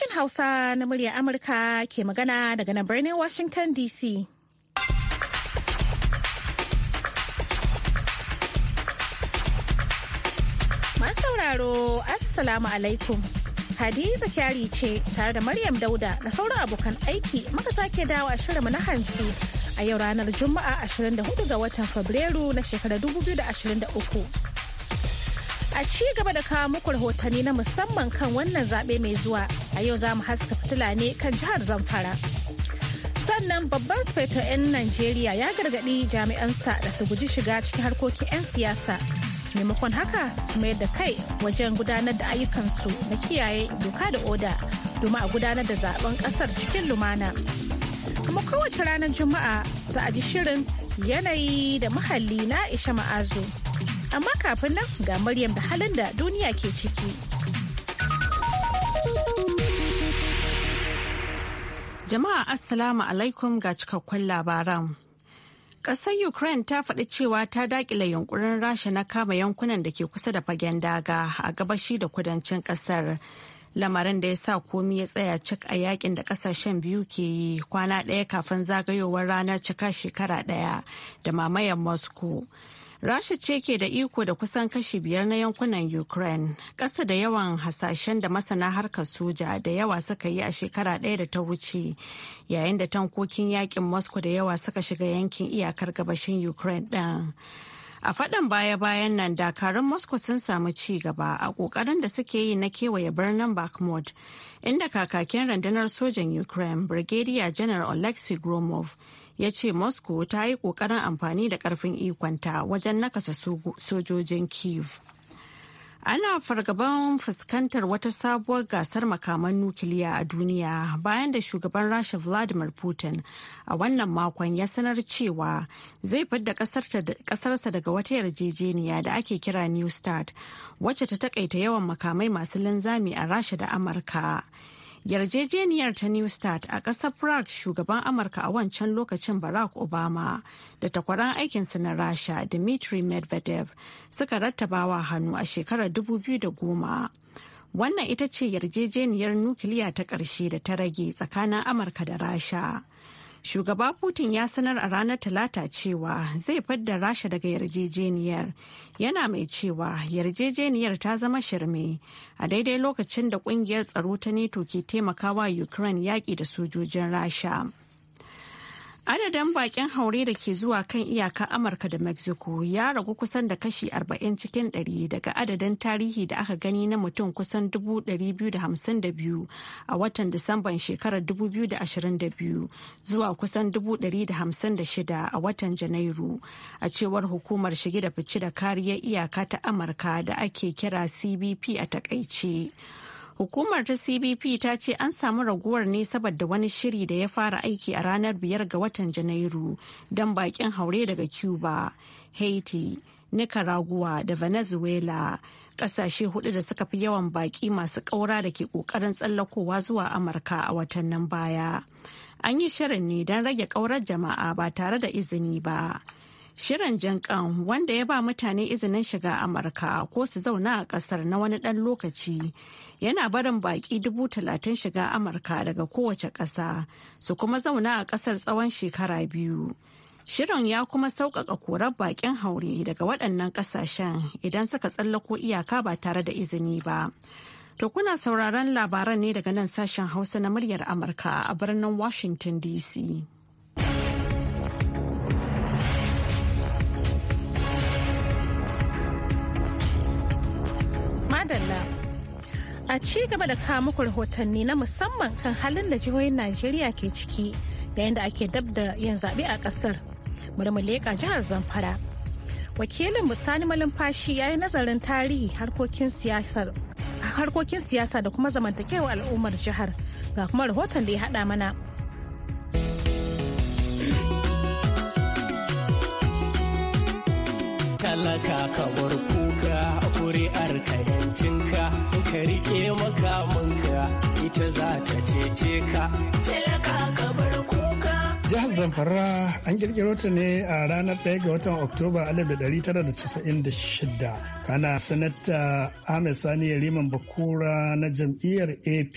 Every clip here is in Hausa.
Sashen Hausa na murya Amurka ke magana daga nan birnin Washington DC. Masu sauraro, Assalamu alaikum. Hadiza Kyari ce tare da Maryam Dauda na sauran abokan aiki muka sake dawo a shirinmu na hantsi a yau ranar Juma'a 24 ga watan Fabrairu na shekarar 2023. a ci gaba da kawo muku rahotanni na musamman kan wannan zaɓe mai zuwa a yau za mu haska fitila ne kan jihar zamfara sannan babban sufeto 'yan najeriya ya gargaɗi jami'ansa da su guji shiga cikin harkokin 'yan siyasa maimakon haka su mayar da kai wajen gudanar da ayyukansu na kiyaye doka da oda domin a gudanar da zaben ƙasar cikin lumana kuma kowace ranar juma'a za a ji shirin yanayi da muhalli na isha ma'azu amma kafin nan ga Maryam da halin da duniya ke ciki. Jama'a Assalamu alaikum ga cikakkun labaran. Ƙasar Ukraine ta faɗi cewa ta daƙile yunkurin Rasha na kama yankunan da ke kusa da fagen daga a gabashi da kudancin ƙasar. lamarin da ya sa komi ya tsaya cik a yakin da ƙasashen biyu ke yi kwana ɗaya kafin zagayowar ranar cika shekara ɗaya da mamayan moscow Rasha ce ke da iko da kusan kashi biyar na yankunan Ukraine, ƙasa da yawan hasashen da masana harkar soja da yawa suka yi a shekara ɗaya da ta wuce, yayin da tankokin yakin Moscow da yawa suka shiga yankin iyakar gabashin Ukraine ɗin. A faɗin baya-bayan nan dakarun Moscow sun samu ci gaba a ƙoƙarin da suke yi na kewaye birnin Bakhmut, inda kakakin rundunar sojan Ukraine, Brigadier General Alexei Gromov, ya ce moscow ta yi kokarin amfani da ƙarfin ikonta wajen nakasa sojojin kiev ana fargaban fuskantar wata sabuwar gasar makaman nukiliya a duniya bayan da shugaban rasha vladimir putin a wannan makon ya sanar cewa zai fidda kasarsa daga wata yarjejeniya da ake kira new start wacce ta takaita yawan makamai masu linzami a rasha da amurka yarjejeniyar ta new start a ƙasar prague shugaban amurka a wancan lokacin barack obama da takwaran aikinsa na rasha dmitry medvedev suka rattabawa hannu a shekarar 2010 wannan ita ce yarjejeniyar nukiliya ta ƙarshe da ta rage tsakanin amurka da rasha Shugaba Putin ya sanar a ranar Talata cewa zai fadda Rasha daga yarjejeniyar. Yana mai cewa yarjejeniyar ta zama shirme a daidai lokacin da kungiyar tsaro ta NATO ke taimakawa Ukraine yaƙi da sojojin Rasha. Adadin bakin haure da ke zuwa kan iyaka Amurka da Mexico ya ragu kusan da kashi 40 cikin 100 daga adadin tarihi da aka gani na mutum kusan 252 a watan Disamban shekarar 2022 zuwa kusan 156 a watan Janairu a cewar hukumar shige da fice da kariyar iyaka ta Amurka da ake kira CBP a takaice. Hukumar ta CBP ta ce an samu raguwar ne saboda wani shiri da ya fara aiki a ranar biyar ga watan Janairu don bakin haure daga Cuba, Haiti, Nicaragua da Venezuela. Kasashe hudu da suka fi yawan baki masu ƙaura da ke ƙoƙarin tsallakowa zuwa Amurka a watannin baya. An yi shirin ne don rage ƙaurar jama'a ba tare da izini ba. Shirin jinƙan wanda ya ba mutane izinin shiga Amurka ko su zauna a ƙasar na wani ɗan lokaci yana barin baƙi dubu talatin shiga Amurka daga kowace ƙasa su kuma zauna a ƙasar tsawon shekara biyu. Shirin ya kuma sauƙaƙa korar baƙin haure daga waɗannan ƙasashen idan suka tsallako iyaka ba tare da izini ba. To kuna sauraron labaran ne daga nan sashen Hausa na muryar Amurka a birnin Washington DC. a ci gaba da kawo muku rahotanni na musamman kan halin da jihohin najeriya ke ciki yayin da ake dab da yin zaɓe a ƙasar bari leƙa jihar zamfara wakilin musani malumfashi ya yi nazarin tarihi harkokin siyasar harkokin siyasa da kuma zamantakewa al'ummar jihar ga kuma rahoton da ya haɗa mana kala ka kuka kuri'ar ka yancinka ka rike makamanka ita za ta cece ka jihar zamfara an kirkiro ta ne a ranar 1 ga watan oktoba 1996 kana sanata ahmed sani Yariman bakura na jam'iyyar app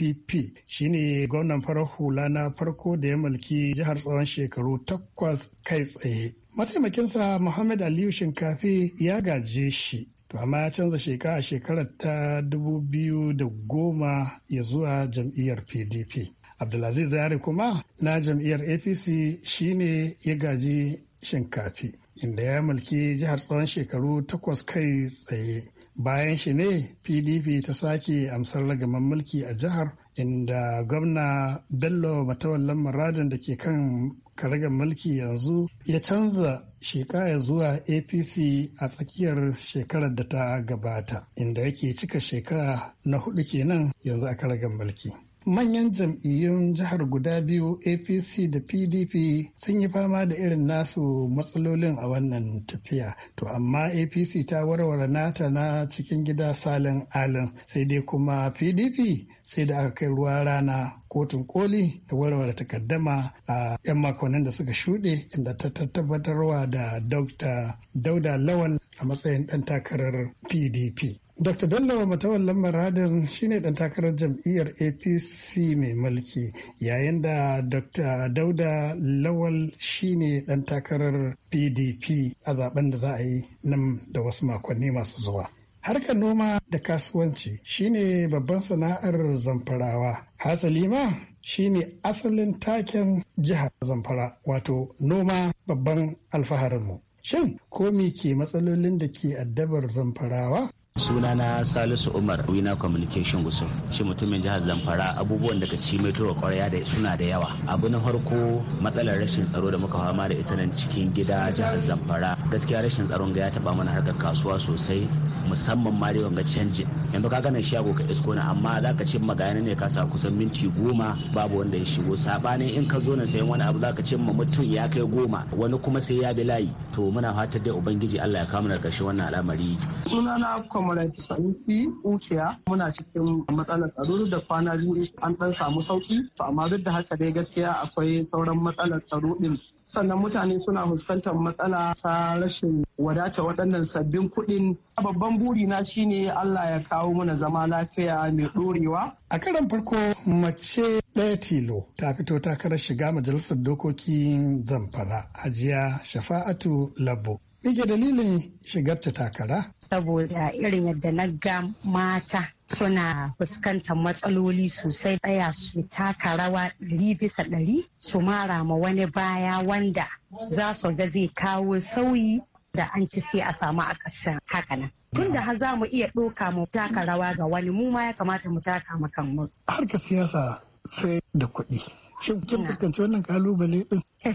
shine gwamnan farar hula na farko da ya mulki jihar tsawon shekaru takwas kai tsaye mataimakinsa muhammad aliyu shinkafi ya gaje shi to amma ya canza sheka a shekarar ta 2010 ya zuwa jam'iyyar pdp abdulaziz zayari kuma na jam'iyyar apc shine ya gaji shinkafi inda ya mulki jihar tsawon shekaru takwas kai tsaye bayan shi ne pdp ta sake amsar ragaman mulki a jihar inda gwamna bello matawallan muradin da ke kan karagar mulki yanzu ya canza shekaya zuwa apc a tsakiyar shekarar da ta gabata inda yake cika shekara na hudu kenan yanzu a karagar mulki manyan jam'iyyun jihar guda biyu apc da pdp sun yi fama da irin nasu matsalolin a wannan tafiya to amma apc ta warware nata na cikin gida salin alin sai dai kuma pdp sai da aka kai ruwa rana kotun koli da warware takaddama a 'yan makonnin da suka shuɗe inda ta tabbatarwa da dr dauda Lawal a matsayin ɗan takarar pdp Dr. Dallawa Matawallan Maradin shine ɗan takarar jam'iyyar APC mai mulki yayin da Dr. Dauda Lawal shine ɗan takarar PDP a zaben da za a yi nan da wasu makonni masu zuwa. Harkar noma da kasuwanci shine babban sana'ar zamfarawa. Hasali ma shine asalin taken jihar zamfara wato noma babban alfaharinmu. Shin ko me ke matsalolin da ke addabar zamfarawa sunana salisu umar wina communication gusum shi mutumin jihar zamfara abubuwan daga ka ci mai towa kwarya da suna da yawa abu na farko matsalar rashin tsaro da muka fama da ita nan cikin gida jihar zamfara gaskiya rashin tsaron ga ya taba mana harkar kasuwa sosai musamman ma dai wanga canjin yanzu ka gane shago ka isko na amma za ka ce magana ne ka sa kusan minti goma babu wanda ya shigo sabanin in ka zo na sayan wani abu za ka ce mutum ya kai goma wani kuma sai ya bi layi to muna fatar dai ubangiji Allah ya kawo mana karshe wannan al'amari sunana comrade sanusi ukiya muna cikin matsalar tsaro da kwana biyu an dan samu sauki to amma duk da haka dai gaskiya akwai sauran matsalar tsaro din sannan mutane suna fuskantar matsala ta rashin wadata waɗannan sabbin kuɗin babban babban na shine Allah ya kawo mana zama lafiya mai ɗorewa. A karan farko mace ɗaya tilo ta fito takarar shiga majalisar dokokin zamfara hajiya shafa'atu labo. Mike dalilin shigar shigarta takara? Saboda irin yadda na ga mata suna fuskantar matsaloli sosai tsaya su taka rawa ɗari bisa ɗari su mara ma wani baya wanda za su ga zai kawo sauyi da an ci sai a samu a ƙasar hakanan. tun da za mu iya ɗoka mu taka rawa ga wani mu ma ya kamata mu taka mu mu. Harka siyasa sai da kuɗi. Shin kin fuskanci wannan kalubale din?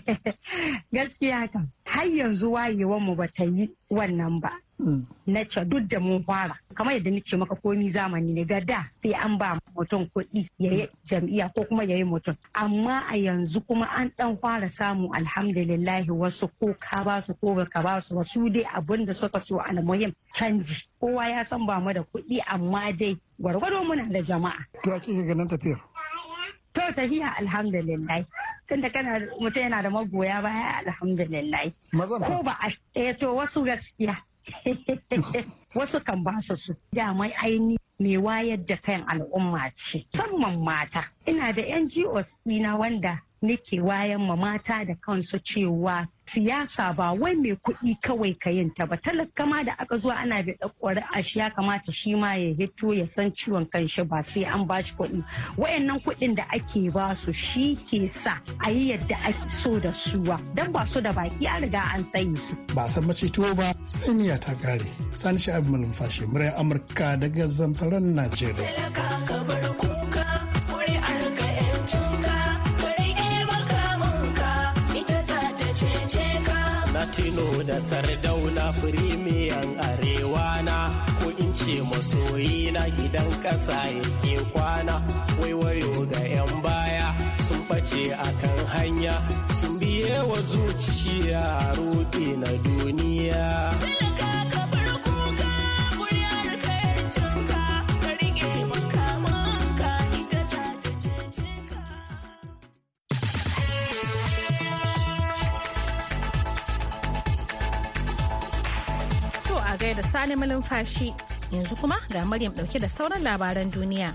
Gaskiya kan har yanzu wayewar mu bata yi wannan ba. na ce duk da mun fara kamar yadda nake maka komi zamani ne ga da sai an ba mutum kuɗi ya yi jam'iyya ko kuma ya yi mutum amma a yanzu kuma an dan fara samu alhamdulillahi wasu ko ka ba su ko ka ba su wasu dai abin da suka so almuhim canji kowa ya san ba mu da kuɗi amma dai gwargwado muna da jama'a to a kike ganin tafiyar to tafiya alhamdulillah da kana mutum yana da magoya baya alhamdulillah ko ba a eh, to wasu gaskiya wasu kan ba su su damai aini mai wayar da kan al'umma ce musamman mata ina da ngos ɗina wanda nake wayan ma mata da kansu cewa siyasa ba wai mai kuɗi kawai ka yin ta ba talaka ma da aka zuwa ana da ɗakwari a ya kamata shi ma ya hito ya san ciwon kanshi ba sai an ba shi kuɗi wayannan kuɗin da ake ba su shi ke sa a yi yadda ake so da suwa dan ba su da baki an riga an sayi su ba san mace tuwo ba tsamiya ta kare sani shi abin numfashi murai amurka daga zamfaran najeriya tino da sardauna firimiyan arewa na ko in ce masoyi na gidan ƙasa yake kwana waiwayo ga 'yan baya sun face a kan hanya sun biye wa zuciya rudi na duniya. Sani Malumfashi. Yanzu kuma ga Maryam dauke da sauran labaran duniya.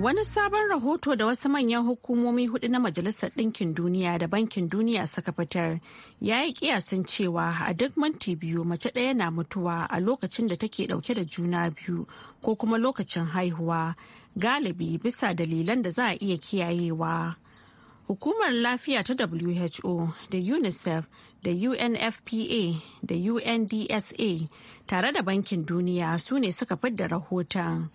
Wani sabon rahoto da wasu manyan hukumomi hudu na Majalisar Ɗinkin Duniya da Bankin Duniya suka fitar ya yi kiyasin cewa a duk minti biyu mace ɗaya na mutuwa a lokacin da take ɗauke da juna biyu ko kuma lokacin haihuwa galibi bisa dalilan da za a iya kiyayewa. Hukumar lafiya ta WHO da UNICEF da UNFPA da UNDSA tare da Bankin Duniya su ne suka fidda rahoton.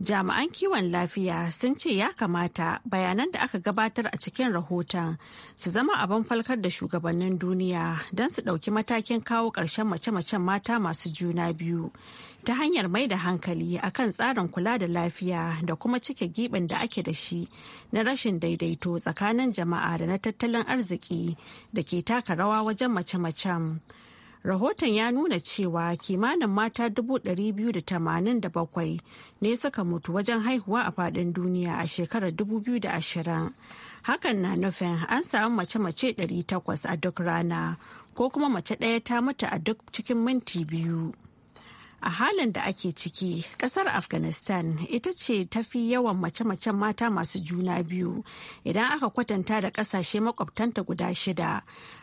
jami'an kiwon lafiya sun ce ya kamata bayanan da aka gabatar a cikin rahoton su zama abin falkar da shugabannin duniya don su ɗauki matakin kawo ƙarshen mace-macen mata masu juna biyu ta hanyar mai da hankali akan tsarin kula da lafiya da kuma cike giɓin da ake da shi na rashin daidaito tsakanin jama'a da na tattalin arziki da ke taka rawa wajen mace-macen. mace macen rahoton ya nuna cewa kimanin mata 287 ne suka mutu wajen haihuwa a fadin duniya a shekarar 2020 hakan na nufin an samu mace-mace 800 a duk rana ko kuma mace ɗaya ta mutu a duk cikin minti biyu a halin da ake ciki kasar afghanistan ita ce tafi yawan mace-macen mata masu juna biyu idan aka kwatanta da kasashe makwabtanta guda shida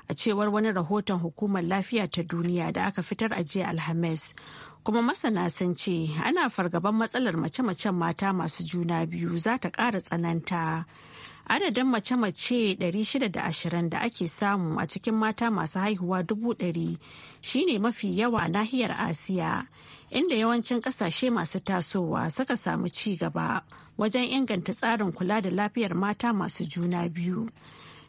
a cewar wani rahoton hukumar lafiya ta duniya da aka fitar a jiya alhamis kuma masana sun ce ana fargaban matsalar mace-macen mata masu juna biyu za ta ƙara tsananta adadin mace-mace 620 da ake samu a cikin mata masu haihuwa 100 shine mafi yawa a nahiyar asiya inda yawancin kasashe masu tasowa suka samu ci gaba wajen inganta tsarin kula da lafiyar mata masu juna biyu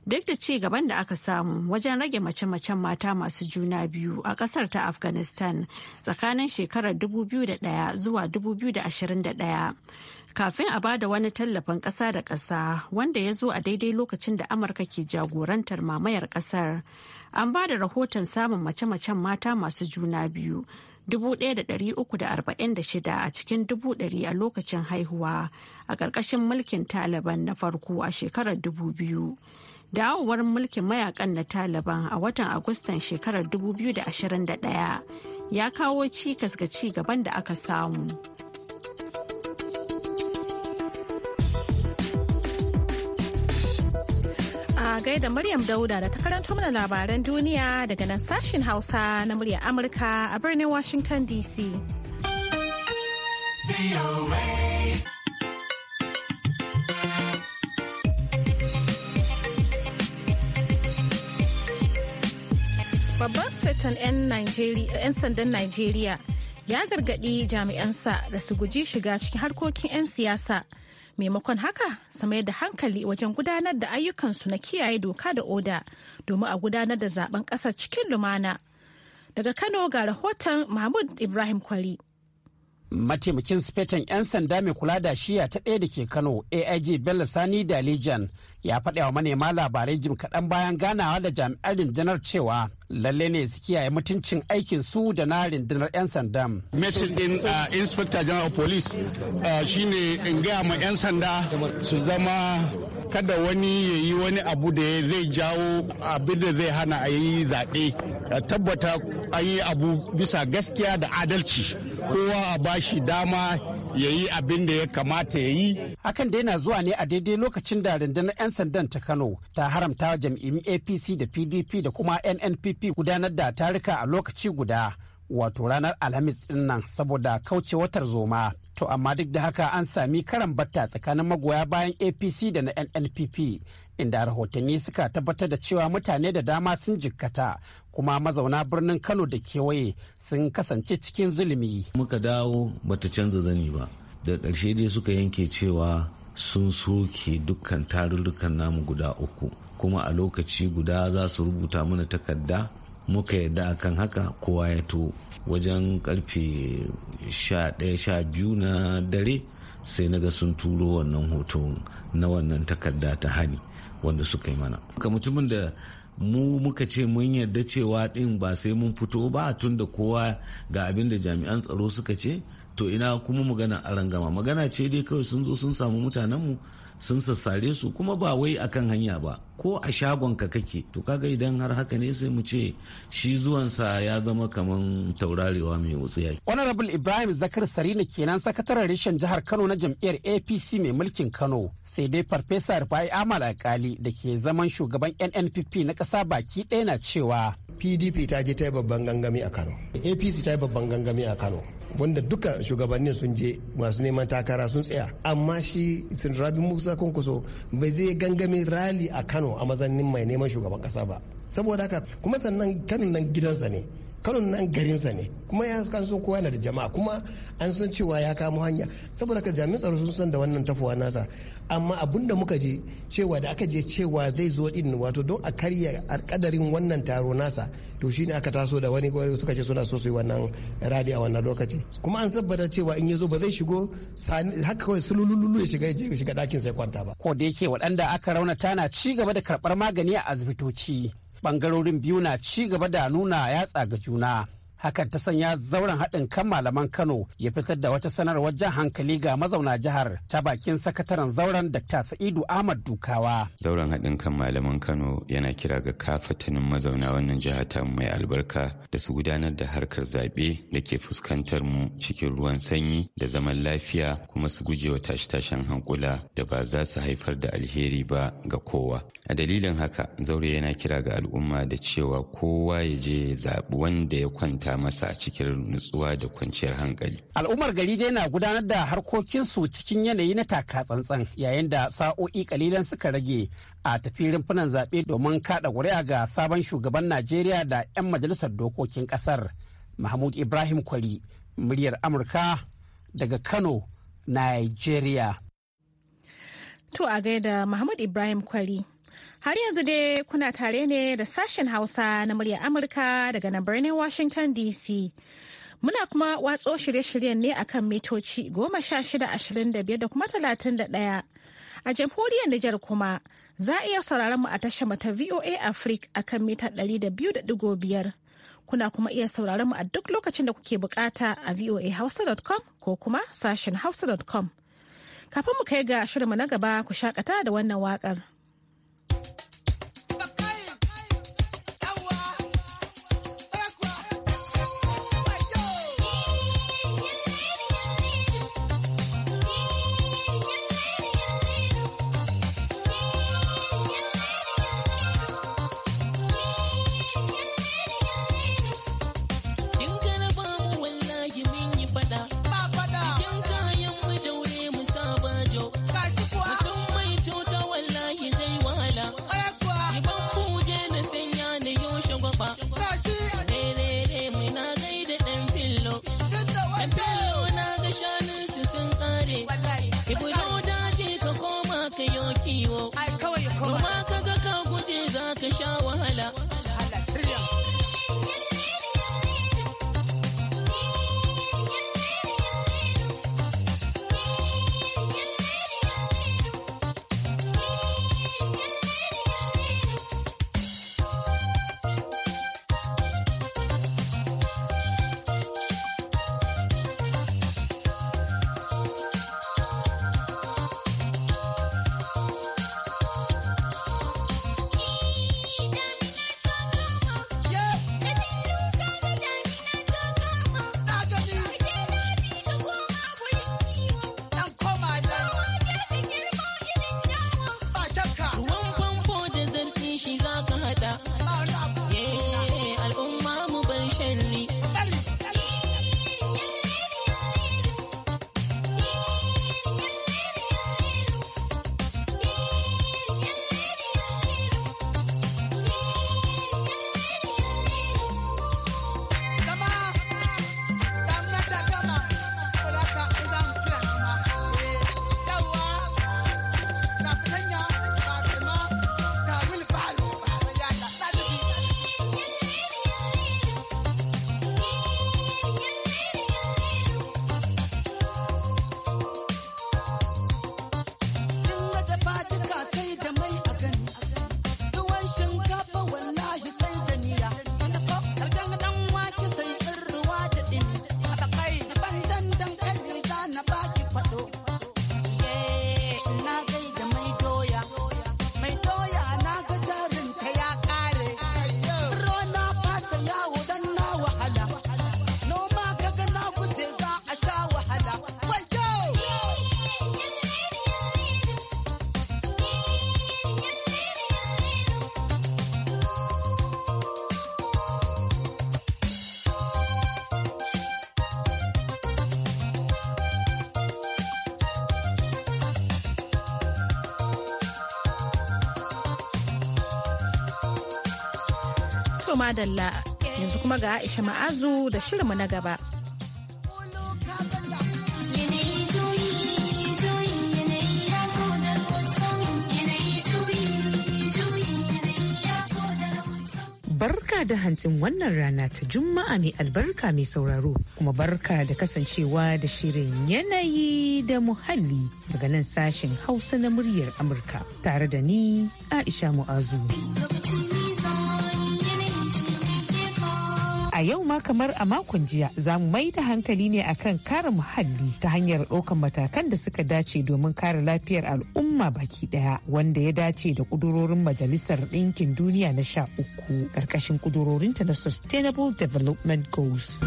duk da ci gaban da aka samu wajen rage mace-macen mata masu juna biyu a kasar ta afghanistan tsakanin shekarar 2001 zuwa 2021 kafin a bada wani tallafin ƙasa da ƙasa wanda ya zo a daidai lokacin da amurka ke jagorantar mamayar ƙasar an ba da rahoton samun mace-macen mata masu juna biyu 1,346 a cikin 100,000 a lokacin haihuwa a ƙarƙashin mulkin taliban na farko a shekarar 2000 dawowar mulkin mayakan na taliban a watan agustan shekarar 2021 ya kawo cikas ga ci gaban da aka samu a da maryam dauda da ta karanto mana labaran duniya daga nan sashen hausa na muryar amurka a birnin washington dc babban sufetan 'yan sandan Najeriya ya gargaɗi jami'ansa da su guji shiga cikin harkokin 'yan siyasa. Maimakon haka, su da hankali wajen gudanar da ayyukansu na kiyaye doka da oda domin a gudanar da zaben ƙasar cikin lumana. Daga Kano ga rahoton Mahmud Ibrahim Kwari. mataimakin sifetan 'yan sanda mai kula da shiya ta ɗaya da ke kano aij bello sani da legion ya faɗa wa manema labarai jim kaɗan bayan ganawa da jami'an rundunar cewa lalle ne su kiyaye mutuncin aikin su da na rundunar 'yan sanda. Mesin din uh, Inspector General Police uh, shine in gaya ma 'yan sanda su zama kada wani ya yi wani abu da zai jawo abin da zai hana a yi zaɓe. Tabbata a yi abu bisa gaskiya da adalci. Kowa a bashi dama ya yi abin da ya kamata ya yi. Hakan da yana zuwa ne a daidai lokacin da rundunar 'yan sandan ta Kano ta haramta jam'iyyun APC da PDP da kuma NNPP gudanar da tarika a lokaci guda wato ranar Alhamis ɗin saboda kauce watar zoma. To amma duk da haka an sami karan batta tsakanin magoya bayan APC da na NNPP inda rahotanni suka tabbatar da cewa mutane da dama sun jikkata kuma mazauna birnin Kano da kewaye sun kasance cikin zulumi. Muka dawo bata canza zani ba. Da ƙarshe dai suka yanke cewa sun soke dukkan tarurrukan namu guda uku kuma a lokaci guda za su rubuta mana takarda muka yarda akan haka kowa ya to wajen karfe 11-12 na dare sai na ga sun turo wannan hoto na wannan takarda ta hani wanda suka yi mana ka mutumin da mu muka ce mun yarda cewa din ba sai mun fito ba tunda kowa ga abin da jami'an tsaro suka ce to ina kuma magana a rangama magana ce dai kawai sun zo sun samu mutanenmu sun sassare su kuma ba wai akan hanya ba ko a shagonka kake to kaga idan har haka ne sai mu ce shi zuwansa ya zama kaman taurarewa mai wutsiya. honorable ibrahim zakar sarina kenan sakataren reshen jihar kano na jam'iyyar apc mai mulkin kano sai dai farfesa rufai amal alkali da ke zaman shugaban nnpp na ƙasa baki ɗaya na cewa pdp ta je ta yi babban gangami a kano apc ta yi babban gangami a kano wanda duka shugabannin sun je masu neman takara sun tsaya amma shi rabi musa kunkuso bai zai gangamin rali a kano a mazanin mai neman shugaban kasa ba saboda haka kuma sannan kano nan gidansa ne kano nan garinsa ne kuma ya san sun kowa da jama'a kuma an san cewa ya kamo hanya saboda ka jami'in tsaro sun san da wannan tafuwa nasa amma abin da muka je cewa da aka je cewa zai zo din wato don a karya alkadarin wannan taro nasa to shine aka taso da wani gwari suka ce suna so su yi wannan radi a wannan lokaci kuma an tabbata cewa in ya zo ba zai shigo haka kawai sululululu ya shiga ya shiga dakin sai kwanta ba ko da yake waɗanda aka raunata na ci gaba da karɓar magani a asibitoci Ɓangarorin biyu na ci gaba da nuna yatsa ga juna hakan ta sanya zauren haɗin kan malaman kano ya fitar da wata sanarwar jan hankali ga mazauna jihar ta bakin sakataren zauren dr sa'idu ahmad dukawa zauren haɗin kan malaman kano yana kira ga kafatanin mazauna wannan jiha ta mai albarka da su gudanar da harkar zaɓe da ke fuskantar mu cikin ruwan sanyi da zaman lafiya kuma su gujewa tashe-tashen hankula da ba za su haifar da alheri ba ga kowa a dalilin haka zaure yana kira ga al'umma da cewa kowa ya je zaɓi wanda ya kwanta masa a cikin nutsuwa da kwanciyar hankali. Al'ummar gari dai na gudanar da harkokinsu cikin yanayi na taka tsantsan yayin da sa'o'i kalilan suka rage a tafi rumfunan zaɓe domin kaɗa ƙuri'a ga sabon shugaban Najeriya da 'yan majalisar dokokin ƙasar. Mahmud Ibrahim Kwari, muryar Amurka daga Kano, Nigeria. To a gaida Mahmud Ibrahim Kwari. Har yanzu dai kuna tare ne da sashen Hausa na murya Amurka daga nan birnin Washington DC. Muna kuma watso shirye-shiryen ne akan mitoci goma sha shida ashirin da biyar da kuma talatin da ɗaya. A jamhuriyar Nijar kuma za a iya sauraron mu a tashar mata VOA Africa akan mita ɗari da biyu da ɗigo biyar. Kuna kuma iya sauraron mu a duk lokacin da kuke bukata a voahausa.com ko kuma sashen hausa.com. Kafin mu kai ga shirinmu na gaba ku shakata da wannan waƙar. To madalla yanzu kuma ga Aisha Ma'azu da shirinmu na gaba. barka da hantin wannan rana ta juma'a mai albarka mai sauraro kuma barka da kasancewa da shirin yanayi da muhalli daga nan sashen hausa na muryar amurka tare da ni aisha mu'azu. A yau ma kamar a makon jiya za mu mai da hankali ne akan kare muhalli ta hanyar ɗaukan matakan da suka dace domin kare lafiyar al'umma baki ɗaya wanda ya dace da kudurorin Majalisar Ɗinkin Duniya na sha uku ƙarƙashin kudurorinta na Sustainable Development Goals.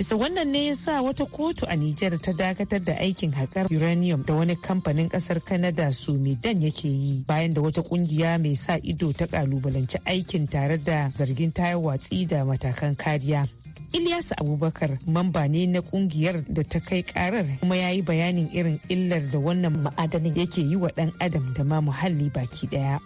bisa wannan ne ya sa wata kotu a nijar ta dakatar da aikin haƙar uranium da wani kamfanin ƙasar canada su dan yake yi bayan da wata ƙungiya mai sa ido ta ƙalubalanci aikin tare da zargin ta watsi da matakan kariya Ilyas Abubakar mamba ne na kungiyar da ta kai ƙarar kuma ya yi bayanin irin illar da wannan ma'adanin yake yi wa ɗan adam da ma muhalli baki ɗaya.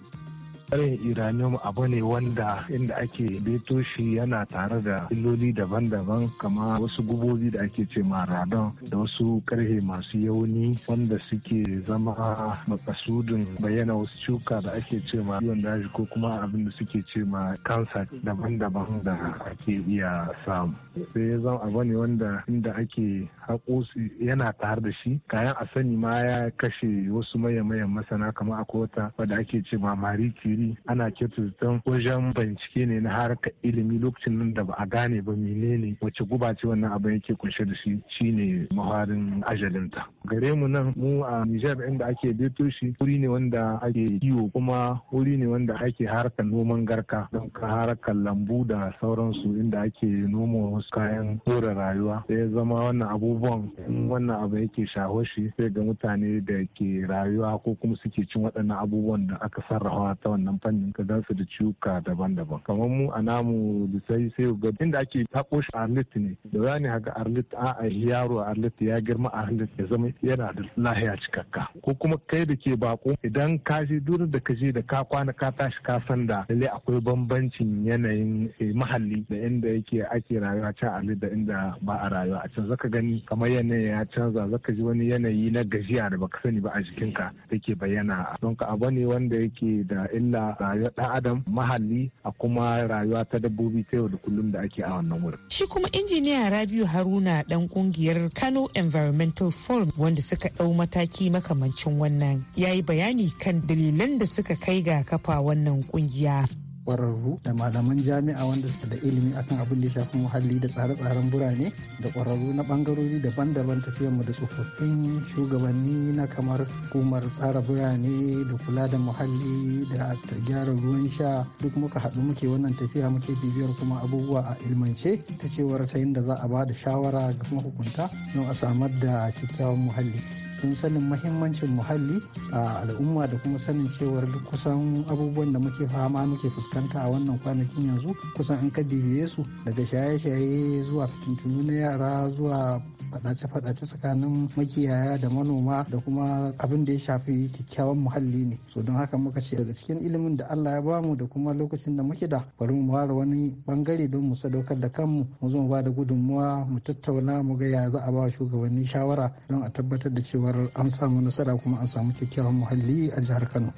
tsarin uranium abu ne wanda inda ake beto shi yana tare da illoli daban-daban kama wasu gubobi da ake ce radon da wasu karhe masu yauni wanda suke zama makasudin bayyana wasu cuka da ake ce ma yawan daji ko kuma abin da suke ce ma kansa daban-daban da ake iya samu sai ya zama abu ne wanda inda ake haƙo yana tare da shi kayan a sani ma ya kashe wasu maye mayan masana kamar akwai wata wadda ake ce ma mariki asiri ana kirtistan wajen bincike ne na harkar ilimi lokacin nan da ba a gane ba menene wace guba ce wannan abin yake kunshe da shi shine maharin ajalinta gare mu nan mu a Nijar inda ake beto shi wuri ne wanda ake kiwo kuma wuri ne wanda ake harkar noman garka don ka harkar lambu da sauransu inda ake noma wasu kayan kore rayuwa sai ya zama wannan abubuwan wannan abu yake shaho shi sai ga mutane da ke rayuwa ko kuma suke cin waɗannan abubuwan da aka sarrafa ta wannan wannan fannin ka gansu da ciwuka daban-daban kamar mu a namu da sai ga inda ake tako shi arlit ne da za ne haka arlit a a yaro arlit ya girma arlit ya zama yana da lahiya cikakka ko kuma kai da ke bako idan ka je duk da ka je da ka kwana ka tashi ka san da lalle akwai bambancin yanayin eh, mahalli da inda yake ake rayuwa can arlit da inda ba a rayuwa a can zaka gani kamar yanayi ya canza zaka ji wani yanayi na gajiya da baka sani ba a jikinka ke bayyana don ka abu ne wanda yake da in. illa rayuwar ɗan adam mahalli a kuma rayuwa ta dabbobi ta yau da kullum da ake a wannan wurin. Shi kuma injiniya Rabiu Haruna ɗan kungiyar Kano Environmental Forum wanda suka ɗau mataki makamancin wannan ya yi bayani kan dalilan da suka kai ga kafa wannan kungiya. Kwararru da malaman jami'a wanda suke da ilimi akan abin da ya shafi muhalli da tsare-tsaren birane da kwararru na bangarori daban-daban tafiyarmu da tsofaffin shugabanni na kamar hukumar tsara birane da kula da muhalli da gyara ruwan sha duk muka haɗu muke wannan tafiya muke bibiyar kuma abubuwa a ilmance ta cewar ta yin da za a ba da shawara ga mahukunta don a samar da kyakkyawan muhalli. cikin sanin mahimmancin muhalli a al'umma da kuma sanin cewar duk kusan abubuwan da muke fama muke fuskanta a wannan kwanakin yanzu kusan an ka su daga shaye-shaye zuwa fitintunu na yara zuwa fadace fadace tsakanin makiyaya da manoma da kuma abin da ya shafi kyakkyawan muhalli ne so don haka muka ce daga cikin ilimin da Allah ya bamu da kuma lokacin da muke da bari mu ware wani bangare don mu sadaukar da kanmu mu zo mu ba da gudunmuwa mu tattauna mu ga ya za a ba shugabanni shawara don a tabbatar da cewa fatar an samu nasara kuma an samu kyakkyawan muhalli a jihar kano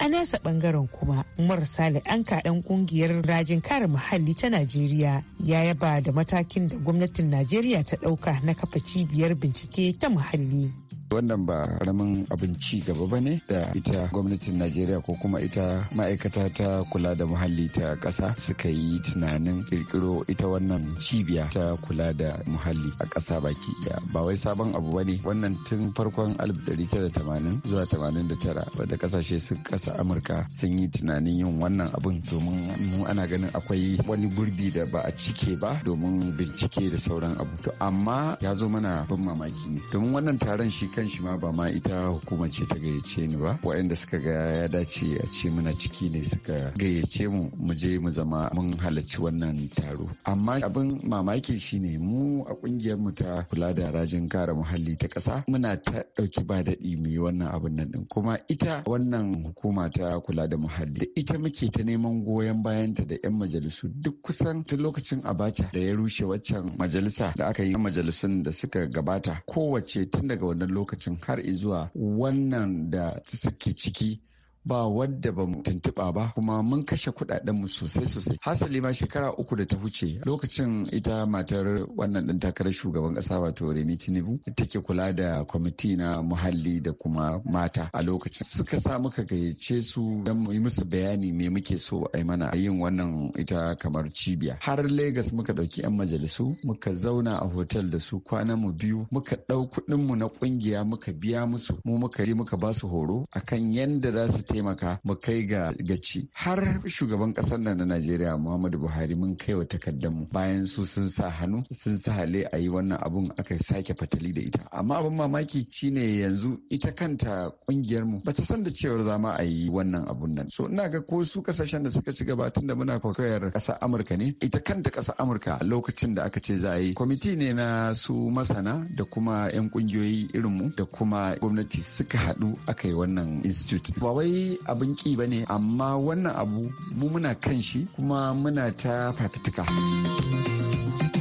a nasa bangaren kuma umar sale an kaɗan kungiyar rajin kare muhalli ta najeriya ya yaba da matakin da gwamnatin najeriya ta ɗauka na kafa cibiyar bincike ta muhalli wannan ba karamin abin ci gaba ba ne da ita gwamnatin najeriya ko kuma ita ma'aikata ta kula da muhalli ta ƙasa suka yi tunanin kirkiro ita wannan cibiya ta kula da muhalli a ƙasa baki ɗaya ba wai sabon abu ba ne wannan tun farkon 1980 zuwa 89 wadda ƙasashe sun ƙasa amurka sun yi tunanin yin wannan abin domin mu ana ganin akwai wani gurbi da ba a cike ba domin bincike da sauran abu to amma ya zo mana ban mamaki ne domin wannan taron shi shi ma ba ma ita hukuma ce ta gayyace ni ba waɗanda suka ga ya dace a ce muna ciki ne suka gayyace mu mu je mu zama mun halarci wannan taro amma abin mamakin shine mu a kungiyar mu ta kula da rajin kare muhalli ta ƙasa muna ta ɗauki ba daɗi mu yi wannan abin nan ɗin kuma ita wannan hukuma ta kula da muhalli ita muke ta neman goyon bayanta da 'yan majalisu duk kusan tun lokacin abacha da ya rushe waccan majalisa da aka yi majalisun da suka gabata kowace tun daga wannan lokacin lokacin har zuwa wannan da suke ciki ba wadda ba mu tuntuɓa ba kuma mun kashe kuɗaɗen mu sosai sosai hasali ma shekara uku da ta wuce lokacin ita matar wannan ɗan takarar shugaban ƙasa wato Remi Tinubu take kula da kwamiti na muhalli da kuma mata a lokacin suka sa muka gayyace su don mu yi musu bayani me muke so a yi mana yin wannan ita kamar cibiya har Legas muka ɗauki 'yan majalisu muka zauna a hotel da su kwanan mu biyu muka ɗau kuɗin mu na ƙungiya muka biya musu mu muka je muka ba su horo akan yadda za su taimaka mu kai ga gaci har shugaban kasar nan na Najeriya Muhammadu Buhari mun kai wa takaddamu bayan su sun sa hannu sun sa hale a yi wannan abun aka sake fatali da ita amma abin mamaki shine yanzu ita kanta kungiyar mu bata san da cewar za ma a yi wannan abun nan so ina ga ko su kasashen da suka ci gaba tunda muna kwaikwayar kasar Amurka ne ita kanta kasar Amurka lokacin da aka ce za a yi kwamiti ne na su masana da kuma 'yan kungiyoyi irin mu da kuma gwamnati suka haɗu aka yi wannan institute ba wai abin ki ba ne amma wannan abu mu muna kan shi kuma muna ta fafutuka.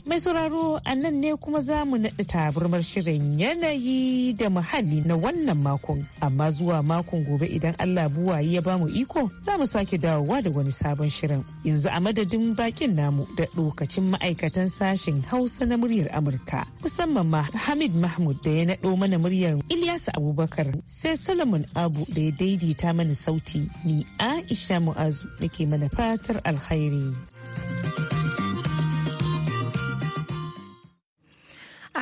Mai sauraro a nan ne kuma za mu naɗa taburmar shirin yanayi da muhalli na wannan makon. Amma zuwa makon gobe idan Allah buwaye ya ba mu iko za mu sake dawowa da wani sabon shirin. Yanzu a madadin bakin namu da lokacin ma'aikatan sashen Hausa na muryar Amurka. Musamman ma Hamid Mahmud da ya naɗo mana muryar Ilyasu Abubakar sai Solomon Abu da ya daidaita mana sauti ni Aisha Mu'azu da ke mana fatar alkhairi.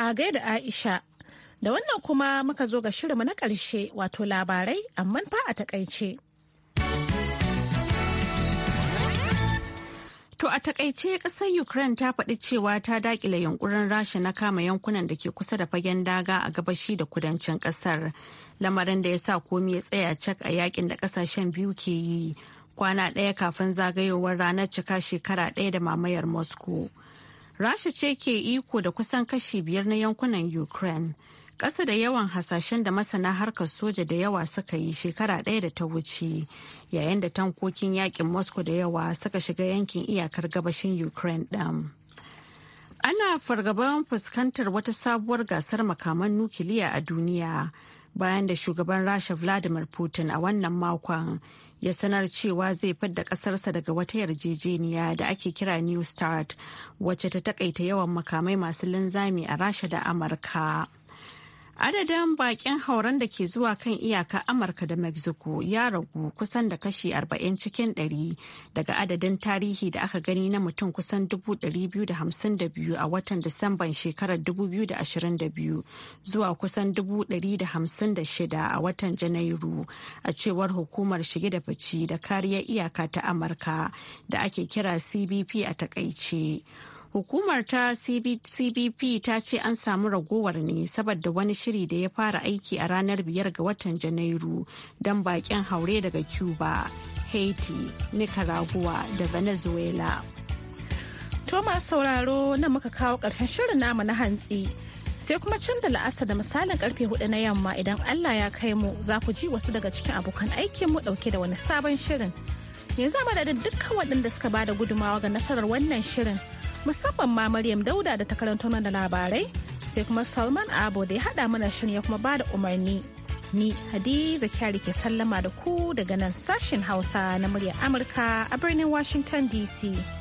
A da Aisha, da wannan kuma muka zo ga shirinmu na ƙarshe wato labarai amma fa a takaice. To a takaice ƙasar Ukraine ta faɗi cewa ta dakile yunkurin rasha na kama yankunan da ke kusa da fagen daga a gabashi da kudancin ƙasar Lamarin da ya sa komi ya tsaya cak a yakin da ƙasashen biyu ke yi kwana ɗaya kafin zagayowar ranar cika shekara ɗaya da mamayar Moscow. Rasha ce ke iko da kusan kashi biyar na yankunan Ukraine. Ƙasa da yawan hasashen da masana harkar soja da yawa suka yi shekara ɗaya da ta wuce yayin da tankokin yakin Moscow da yawa suka shiga yankin iyakar gabashin Ukraine ɗin. Ana fargaban fuskantar wata sabuwar gasar makaman nukiliya a duniya. bayan da shugaban rasha vladimir putin a wannan makon ya sanar cewa zai fadda kasarsa daga wata yarjejeniya da ake kira new start wacce ta takaita yawan makamai masu linzami a rasha da amurka. Adadin bakin hauren da ke zuwa kan iyaka Amurka da Mexico ya ragu kusan da kashi 40 cikin 100 daga adadin tarihi da aka gani na mutum kusan 252 a watan Disamban shekarar 2022 zuwa kusan 156 a watan Janairu a cewar hukumar shige da fici da kariyar iyaka ta Amurka da ake kira CBP a takaice. Hukumar ta CBP ta ce an samu ragowar ne saboda wani shiri da ya fara aiki a ranar biyar ga watan Janairu don bakin haure daga Cuba, Haiti, Nicaragua da Venezuela. Thomas sauraro na muka kawo ƙarshen shirin namu na hantsi. Sai kuma can da la'asa da misalin karfe hudu na yamma idan Allah ya kai mu za ku ji wasu daga cikin abokan aikin mu dauke da wani sabon shirin. Yanzu a madadin dukkan waɗanda suka bada gudumawa ga nasarar wannan shirin. musamman ma Maryam Dauda da ta karanto mana labarai sai kuma Salman Abo da ya haɗa mana shirya kuma ba da umarni. Ni Hadiza Kyari ke sallama da ku daga nan sashin Hausa na murya Amurka a birnin Washington DC.